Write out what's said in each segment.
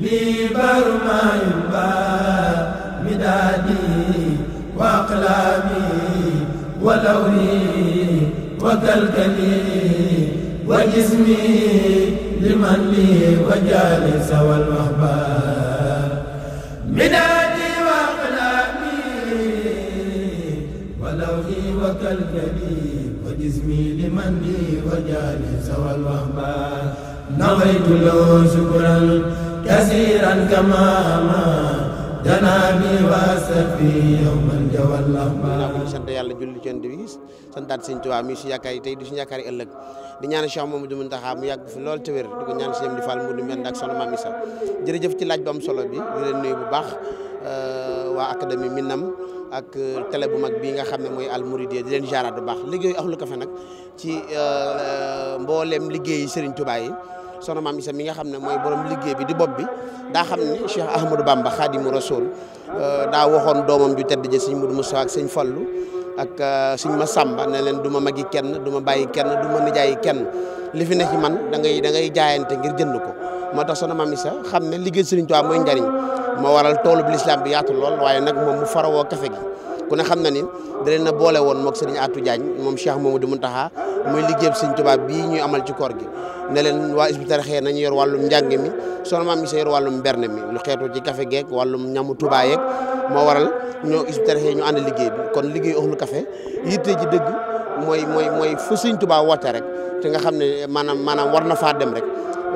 lii baru maayu mbaa midaadi wa aqlaami wa lawni wa galgali wa jismi liman lii wa jaalisa wal wahbaa midaadi wa aqlaami wa lawni wa galgali wa jismi liman lii wa jaalisa wal wahbaa nawaytu lahu shukran كثيرا كما دنا بي واسفي يوم الجوال الله sant yàlla julli ci yonent bi santaat sëñ Tuubaa mi si yaakaar yi tey di si yaakaar yi ëllëg di ñaan Cheikh Mamadou Mountakha mu yàgg fi lool te wér di ko ñaan si yem di Fall mu du mend ak soxna Mami Sa jërëjëf ci laaj bu solo bi di leen nuyu bu baax euh, waa académie Minam ak euh, télé bu mag bi nga xam ne mooy Al Mouridiyyah di leen jaaraat du baax liggéeyu Ahlu Café nag ci euh, mboolem liggéeyu Serigne Touba yi sono maam Isa mi nga xam ne mooy borom liggéey bi di bopp bi daa xam ne Cheikh Ahmadou Bamba Khadimu Rasoul euh, daa waxoon doomam ju tedd ja sëñ Mudu Musaa ak sëñ Fallu ak euh, sëñ Masamba ne leen du ma magi kenn du ma bàyyi kenn du ma nijaayi kenn li fi ne man da ngay da ngay jaayante ngir jënd ko moo tax soxna maam Isa xam ne liggéey si Sëriñ Tuubaa mooy njariñ moo waral toolu bi lislaam bi yaatu lool waaye nag moom mu farawoo kafe gi ku ne xam na ni daleen na boole woon moog sëriñ atu Diagne moom Cheikh Mamadou Mountakha muy liggéeyam sëriñ tubaab bii ñuy amal ci koor gi ne leen waa Hizbut Tarqiyyah nañu yor wàllum njàng mi soxna maam Issa yor wàllum berne mi lu xeetu ci café geek wàllum ñamu Tuubaa yeeg moo waral ñoo Hizbut Tarqiyyah ñu ànd liggéey bi kon liggéey axlu café yitte ji dëgg mooy mooy mooy fu sëriñ tubaa woote rek te nga xam ne maanaam maanaam war na faa dem rek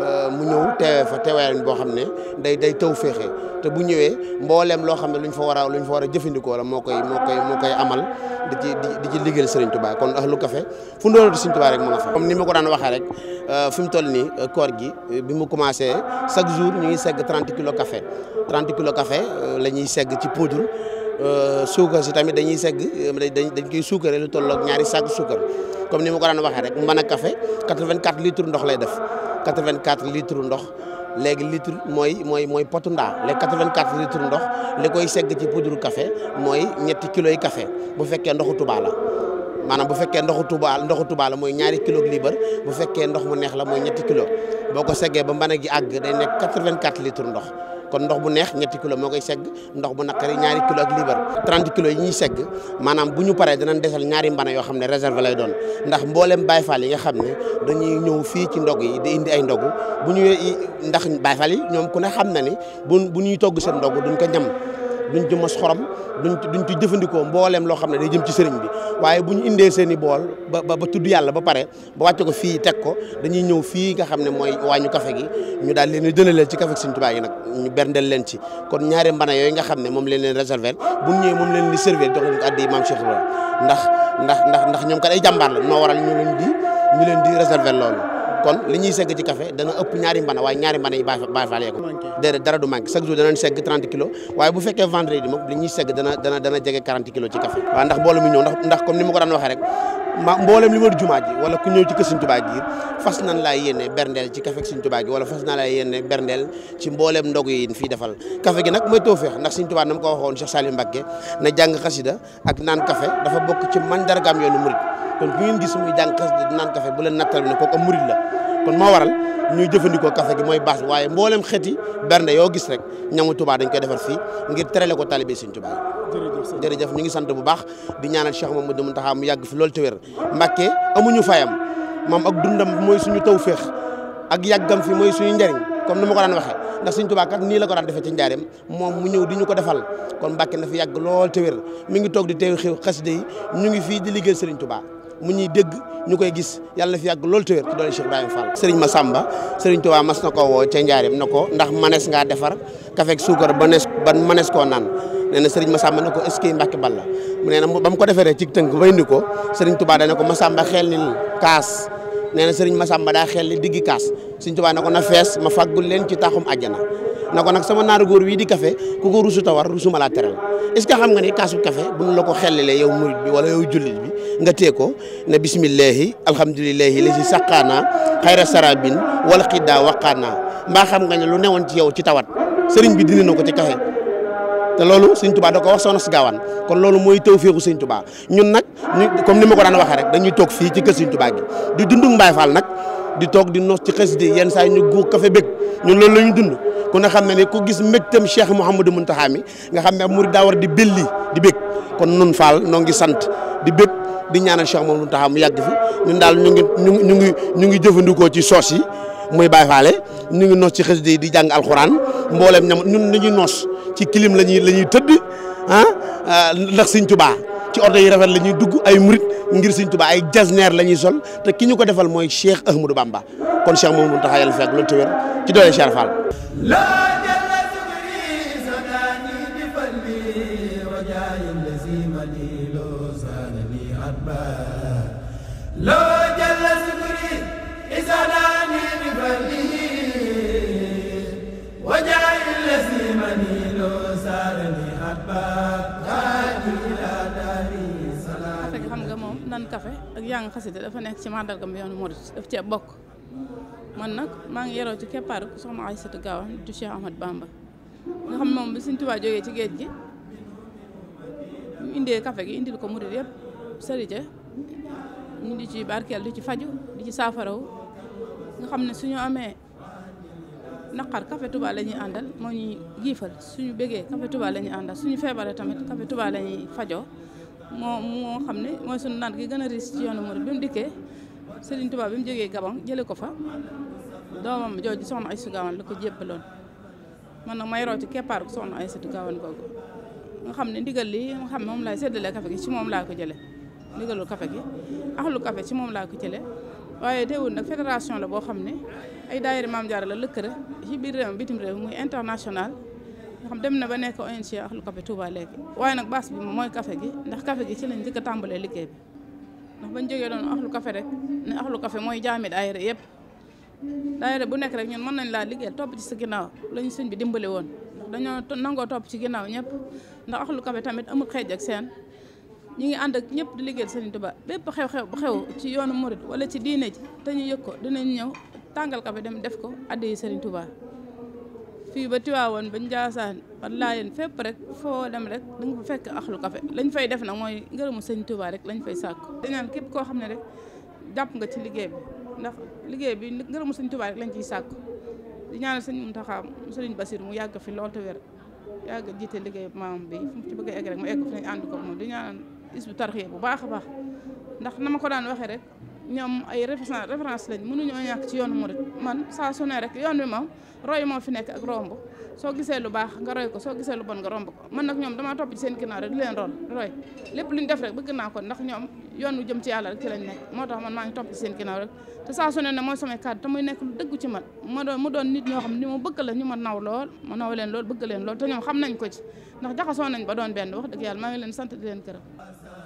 Euh, mu ñëw teewee fa teewaayan boo xam ne day day taw féexee te bu ñëwee mbooleem loo xam ne luñ fa war a luñ fa war a jëfandikoo la moo koy moo koy moo koy amal di ci di ci liggéeyal Serigne Touba kon ahlu café fu ndoonatu Serigne Touba rek mu nga fa comme ni ma ko daan waxee rek euh, fi mu toll nii euh, koor gi bi mu commencé chaque jour ñu ngi segg 30 kilos café 30 kilos café la ñuy segg ci poudre suukar si tamit dañuy segg dañ koy suukaree lu toll ak ñaari saako suukar comme ni ma ko daan waxee rek mën a café 84 litres ndox lay def quatre-vingt-quatre litres ndox léegi litre mooy mooy mooy potu ndaa léegi quatre-vingt-quatre litres ndox li koy segg ci poudre kafe mooy ñetti kilos kafe bu fekkee ndoxu Touba maanaam bu fekkee ndoxu Touba ndoxu Touba mooy ñaari kilo liibar bu fekkee ndox mu neex la mooy ñetti kilo boo ko seggee ba mën a gi àgg day nekk 84 litres ndox kon ndox bu neex ñetti kilo moo koy segg ndox bu naqari ñaari kilo ak liibar 30 kilos yi ñuy segg maanaam bu ñu paree danañ desal ñaari mbana yoo xam ne réserve lay doon ndax mboolem Baye Fall yi nga xam ne dañuy ñëw fii ci ndog yi di indi ay ndogu bu ñu ndax Baye Fall yi ñoom ku ne xam na ni bu bu ñuy togg seen ndog duñ ko ñam duñ ci mos xorom duñ duñ ci jëfandikoo mbooleem loo xam ne day jëm ci sëriñ bi waaye bu ñu indee seeni bool ba ba tudd yàlla ba pare ba wàcce ko fii teg ko dañuy ñëw fii nga xam ne mooy waañu kafe gi ñu daal leen di dëlaleel ci kafe gi sëriñ Tuubaa gi nag ñu berndeel leen ci kon ñaari mbana yooyu nga xam ne moom leen leen réserver bu ñu ñëwee moom leen di servir jox leen ko addi maam Cheikh ndax ndax ndax ndax ñoom kat ay jàmbaar la noo waral ñu leen di ñu leen di réserver loolu kon li ñuy segg ci café dana ëpp ñaari mbana waaye ñaari mbana yi Baay Faal ko déedéet dara du manqué chaque jour danañ segg 30 kilos waaye bu fekkee vendredi moom li dana dana dana jege 40 ji wala fas nañ laa yéene berndeel ci mbooleem ndog yi fii defal café gi nag mooy tawfeex ndax Sëñ Tuubaa na ma ko waxoon Cheikh Salim Mbacké na jàng xasida ak naan café dafa bokk ci mandargaam yoonu murit kon bu ngeen gis muy jàng xasida naan café bu leen nattal la kon moo waral ñuy jëfandikoo café gi mooy bâche waaye mboolem xeeti bernde yoo gis rek ñamu tubaa dañ koy defar fii ngir terale ko talibé Sëriñ Touba yi jërëjëf ñu ngi sant bu baax di ñaanal Cheikh Mamadou Mountakha mu yàgg fi loolu te wér Mbàkke amuñu fayam moom ak dundam mooy suñu tawféex ak yàggam fi mooy suñu njëriñ comme ni ma ko daan waxee ndax Sëriñ Touba kat nii la ko daan defee ci njaareem moom mu ñëw di ñu ko defal kon mbake na fi yàgg lool te wér mi ngi toog di teew xew xasida yi ñu ngi fii di liggéey Sëriñ Touba mu ñuy dégg ñu ko gis yàlla na fi yàgg loolu téwér ci doole Cheikh Ibrahima Fall Serigne Massamba Serigne Touba mas na ko woo ca njaarim na ko ndax manees ngaa defar kafeeg suukar ba nees ba manees koo naan nee na Serigne Massamba ne ko est-ce que Mbàkke Balla nee na ba mu ko defee rek ci tënk ba ko Serigne Touba dane ko Massamba xel nil kaas nee na Serigne Massamba daa xel li diggi kaas Serigne Touba ne ko na fees ma fàggul leen ci taaxum àjjana na ko nag sama naaru góor wii di café ku ko rusu tawar rusu ma laa teral est xam nga ni kaasu café bu ñu la ko xellilee yow murid bi wala yow jullit bi nga tee ko ne bisimillahi alhamdulilahi la si saqaana xayra sarabin wala xiddaa waqaana mbaa xam nga ne lu newoon ci yow ci tawat sëriñ bi dina na ko ci kaxe te loolu sëñ tubaa da ko wax soxna si gaawaan kon loolu mooy tawféexu sëñ tubaa ñun nag ñu comme ni ma ko daan waxee rek dañuy toog fii ci kër sëñ tubaa gi di dundug di toog di nos ci xës di yenn saa ñu guur kafe bég ñun loolu la ñu dund ku ne xam ne ne ku gis mbégtam cheikh mouhamadou muntaxa mi nga xam ne murid daa war di belli di bég kon nun faal noo ngi sant di bég di ñaanal Cheikh moom lu taxaw mu yàgg fi ñun daal ñu ngi ñu ñu ngi ñu ngi jëfandikoo ci soos yi muy Baay Faal ñu ngi noos ci xasida yi di jàng alxuraan mbooleem ñam ñun dañuy noos ci kilim la ñuy la ñuy tëdd ah, ah ndax Sëñ Tuubaa ci oto yi rafet la ñuy dugg ay murit ngir Sëñ Tuubaa ay jasneer la ñuy sol te ki ñu ko defal mooy Cheikh Ahmadou Bamba kon Cheikh moom lu taxaw yàlla fekk loolu téwér ci doole Cheikh Fall saarani at ba ila daari salaam café gi xam nga moom nan kafe ak yaa nga xasida dafa nekk ci màndargam yoonu murit daf cee bokk man nag maa ngi yeroo ci keppaaru soxna Aysatu Gaawaan du Cheikh Ahmad nga xam moom bi Sëñ Tuubaa jógee ci géej gi mu indee café gi indil ko murit yëpp sërite ñu di ci barkeel di ci faju di ci saafaraw nga xam ne suñu amee naqar café tubaa la ñuy àndal moo ñuy giifal suñu bëggee café Touba la ñuy àndal suñu feebaree tamit café Touba la fajoo moo moo xam ne mooy suñu naan gi gën a ci yoonu murid bi mu dikkee Serigne Touba bi mu jógee Gabon jëlee ko fa doomam jooju soxna Aïssatou Gawane la ko jébbaloon man nag may rooti keppaar gu soxna Aïssatou Gawane googu nga xam ne ndigal lii nga xam ne moom laay séddalee café gi ci moom laa ko jëlee ndigalul café gi axlu café ci moom laa ko jëlee waaye teewul nag fédération la boo xam ne ay daayira Maam Jaara la lëkkale si biir réew bitim réew muy international nga xam dem na ba nekk ONG Ahlou Café Touba léegi waaye nag base bi mooy kafe gi ndax café gi ci lañ njëkk a tàmbalee liggéey bi ndax bañ jógee doon Ahlou lu rek ne Ahlou Café mooy jaami daayira yëpp daayira bu nekk rek ñun mën nañ laa liggéey topp ci sa ginnaaw lañu sëñ bi dimbale woon ndax dañoo nangoo topp ci ginnaaw ñëpp ndax Ahlou Café tamit amul xeej seen ñu ngi ànd ak ñëpp di liggéeyal Serigne Touba bépp xew-xew bu xew ci yoonu murit wala ci diine ji te ñu yëg ko dinañ ñëw tàngal kafe dem def ko addi Serigne Touba fii ba Tiwaawoon ba Njaasaan ba Laayeen fépp rek foo dem rek da nga fa fekk axlu kafe lañ fay def nag mooy ngërëmu Serigne Touba rek lañ fay sàkk di naan képp koo xam ne rek jàpp nga ci liggéey bi ndax liggéey bi ngërëmu Serigne Touba lañ ciy sàkk di ñaanal Serigne Mountakha Serigne Bassirou mu yàgg fi lool te wér yàgg jiite liggéey maam bi fu mu ci bëgg a egg rek mu egg fi nañ ànd ko moom di ñaanal Hizbut Tarqiyyah bu baax a baax ndax na ma ko daan waxee rek ñoom ay référence lañ mënuñoo ñàkk ci yoonu murit man saa su ne rek yoon wi moom roy moo fi nekk ak romb soo gisee lu baax nga roy ko soo gisee lu bon nga romb ko man nag ñoom dama topp ci seen ginnaaw rek leen rool roy lépp lu def rek bëgg naa ko ndax ñoom yoon wu jëm ci yàlla rek ci lañ nekk moo tax man maa ngi topp seen ginnaaw rek te saa su ne ne mooy samay kàddu te muy nekk lu dëgg ci man ma doon mu doon nit ñoo xam ni ma bëgg la ñu ma naw lool ma naw leen lool bëgg leen lool te ñoom xam nañ ko ci ndax jaxasoo nañ ba doon benn wax dëgg yàlla maa ngi leen sant di leen gërëm